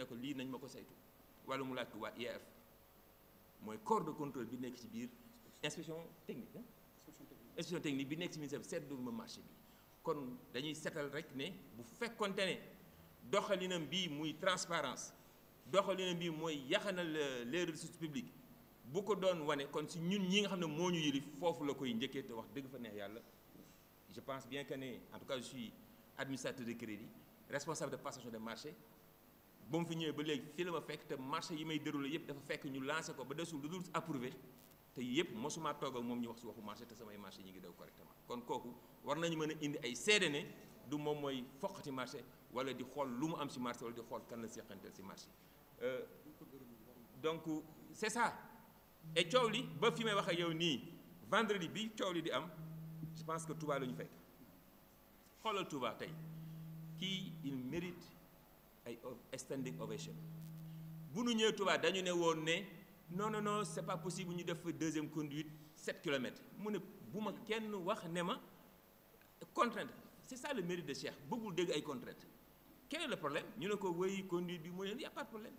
ne ko lii nañ ma ko saytu wala mu laaj ko waa IAF mooy corps de contrôle bi nekk ci biir inspection technique inspection technique bi nekk ci ministère bi seetlu ma marché bi kon dañuy setal rek ne bu fekkonte ne doxalinam bii muy transparence doxalinam bii mooy yaxanal euh, les ressources publiques bu ko doon wane kon si ñun ñi nga xam ne moo ñu yëli foofu la koy njëkkee te wax dëgg fa neex yàlla je pense bien que ne en tout cas je suis administrateur de crédit de passation ba mu fi ñëwee ba léegi fii la ma fekk te marché yi may déroulé yëpp dafa fekk ñu lancé ko ba desul lu dul approuvé te yëpp mosuma toog ak moom ñu wax si waxu marché te samay marché ñu ngi daw correctement kon kooku war nañu mën a indi ay seede ne du moom mooy foqati marché wala di xool lu mu am si marché wala di xool kan la seqanteel si marché euh, donc c' ça et coow li ba fi may waxee yow nii vendredi bi coow li di am je pense que tubaa la ñu fekk xoolal Touba tey kii ay standing ovation bu nu ñëw Touba dañu ne woon ne non non non c'est pas possible ñu def deuxième conduite 7 kilomètres mu ne bu ma kenn wax ne ma contrainte c'est ça le mérite de Cheikh bëggul dégg ay contrainte quel est le problème ñu ne ko woy conduite bi mu y a pas de problème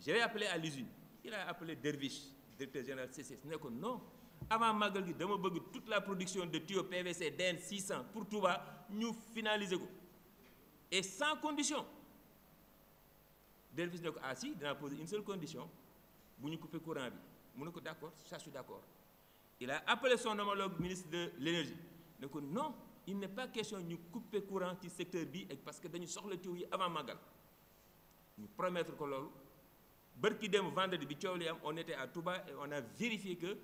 j'ai appelé à l'usine il a directeur général CCS ne ko non avant màggal gi dama bëgg toute la production de tuyaux PVC DN 600 pour Touba ñu finaliser ko et sans condition delvis ne ko ah si dinaa poser une seule condition bu ñu couper courant bi mu ne ko d' accord ça je suis d' accord il a appelé son homologue ministre de l' énergie ne ko non il n' pas question ñu couper courant ci secteur bi ak parce que dañu soxla tiw yi avant màggal ñu promettre ko loolu bërki dem vendredi bi coow li am on était à Touba et on a vérifié que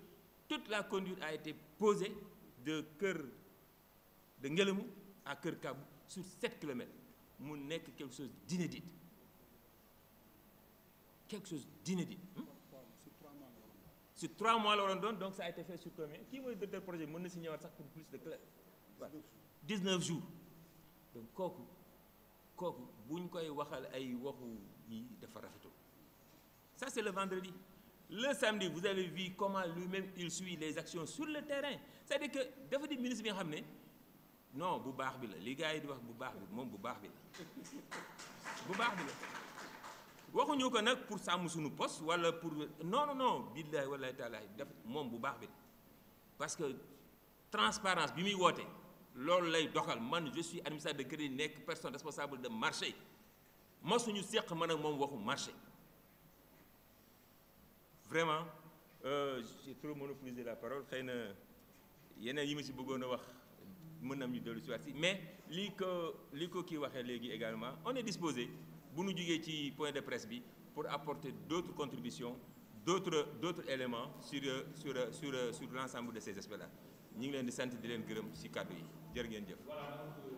toute la conduite a été posé de Kër de Ngélémou à Kër Kabou sur 7 kilomètres mu nekk quelque chose d' inédit quelque chose d'inédit. Hmm? sur trois mois la waroon doon donc ça a été fait sur combien kii mooy directeur projet mën na si ñëwaat sax pour plus de clair waaw 19 jours donc kooku kooku bu ñu koy waxal ay waxu yi dafa rafetul ça c'est le vendredi le samedi vous avez vu comment lui-même il suit les actions sur le terrain c'est-à-dire que dafa di ministre bi nga xam ne non bu baax bi la li yi di wax bu baax bi moom bu baax bi la bu baax bi la waxuñu ko nag pour sàmm suñu post wala pour non non non billahi wallahi taala def moom bu baax bi parce que transparence bi muy woote loolu lay doxal man je suis administrateur de crédit nekk personne responsable de marché ma suñu seq ma ak moom waxu marché vraiment euh, j'ai trop la parole xëy na yeneen yi ma si bëggoon a wax mën na mu ñu dellu si waat si mais lii ko li ko kii waxee léegi également on est disposé bu ñu jógee ci point de presse bi pour apporter d'autres contributions d'autres d'autres éléments sur sur sur sur l'ensemble de ces aspects-là ñu ngi leen di sant di leen gërëm ci kàddu yi jërë ngeen jëf euh,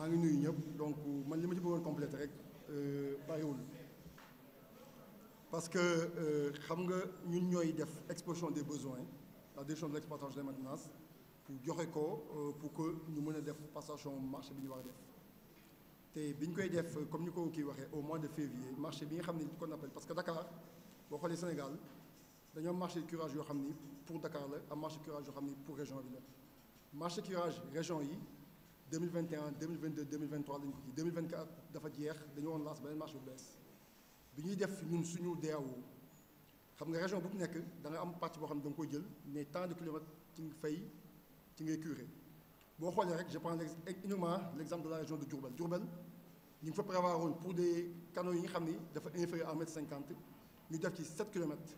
maa ngi nuyu ñëpp donc man li ma ci bëggoon compléter rek euh, bariwul parce que euh, xam nga ñun ñooy def exposition des besoins la direction de l'exploitation des maintenances pour joxe ko euh, pour que ñu mën a def passation marché bi ñu wax a def te bi ñu koy def comme ni ko kii waxee au mois de février marché bi nga xam ne qu'on appelle parce que Dakar boo xoolee Sénégal dañoo am marché curage yoo xam ni pour Dakar la am marché curage yoo xam ni pour région bi la marché curage région yi 2021 2022 2023 lañ ko kii 2024 dafa jeex dañu woon lance beneen marché bu bees bu ñuy def ñun suñu DAO xam nga région bu mu nekk da am pàcc boo xam ne da nga koy jël ne tant de kilomètres ci nga fay ci ngay curé boo xoolee rek je prends uniquement l' exemple de la région de Diourbel Diourbel ñu ngi fa prévoir woon pour des canaux yi ñu xam ni dafa inférieur à mètre cinquante ñu def ci 7 kilomètres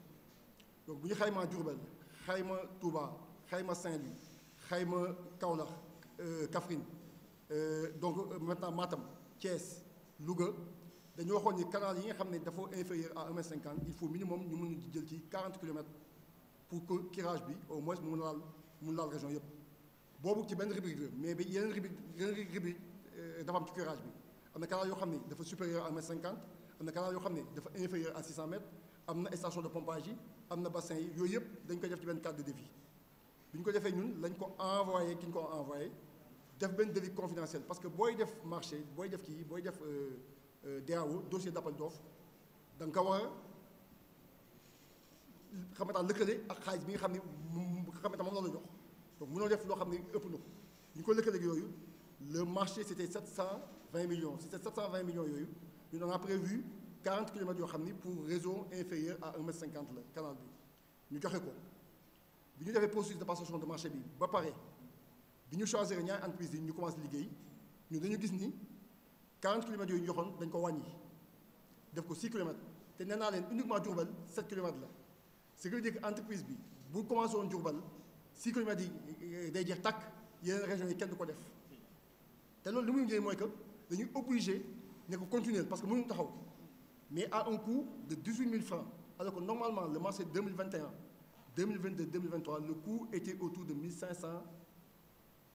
donc bu ñu xaymaa Diourbel xayma Touba xayma Saint-Louis xayma Kaolack Kaffrine euh, donc euh, maintenant Matam Thiès Louga dañu waxoon ni canal yi nga xam ne dafa inférieur à 1 mètre 50 il faut minimum ñu mën a jël ci 40 kilomètres pour que curage bi au moins mu mun laal mun laal région yëpp boobu ci benn rubrique la mais bi yeneen rubrique yeneen rubrique euh, dafa am ci curage bi am na canal yoo xam ne dafa supérieur à 1 mètre 50 am na canal yoo xam ne dafa inférieur à 600 mètres am na station de pompage yi am na bassin yi yooyu yëpp dañ koy def ci benn cadre de défi bi ñu ko defee ñun lañ ko envoyé ki ko envoyé def benn devis confidentiel parce que booy def marché booy def kii booy def euh, euh, DAO dossier d'appel d'offre da nga ko war a xamata lëkkale ak xaalis bi nga xam ne xamata moom la la jox donc mënoo def loo xam ne ëpp na ko ñu ko lëkkale yooyu le marché c'était 720 millions c'était 720 millions yooyu ñu on a prévu 40 kilomètres yoo xam ni pour réseau inférieur à 1 mètre 50 la canal bi ñu joxe ko bu ñu defee processus de passation de marché bi ba pare bi ñu choisir ñaari entreprise yi ñu commencé liggéey ñu dañu gis ni 40 kilomètres yooyu ñu joxoon dañ ko wàññi def ko 6 kilomètres te nee naa leen uniquement Diourbel 7 kilomètres la ce qui veut dire entreprise bi bu commencé woon Diourbel 6 kilomètres yi day jeex takk yeneen régions yi kenn du ko def te loolu li muy njëriñ mooy que dañuy obligé ne ko continuer parce que mënuñu taxaw mais à un coût de 18 000 francs alors que normalement le marché 2021 2022 le coût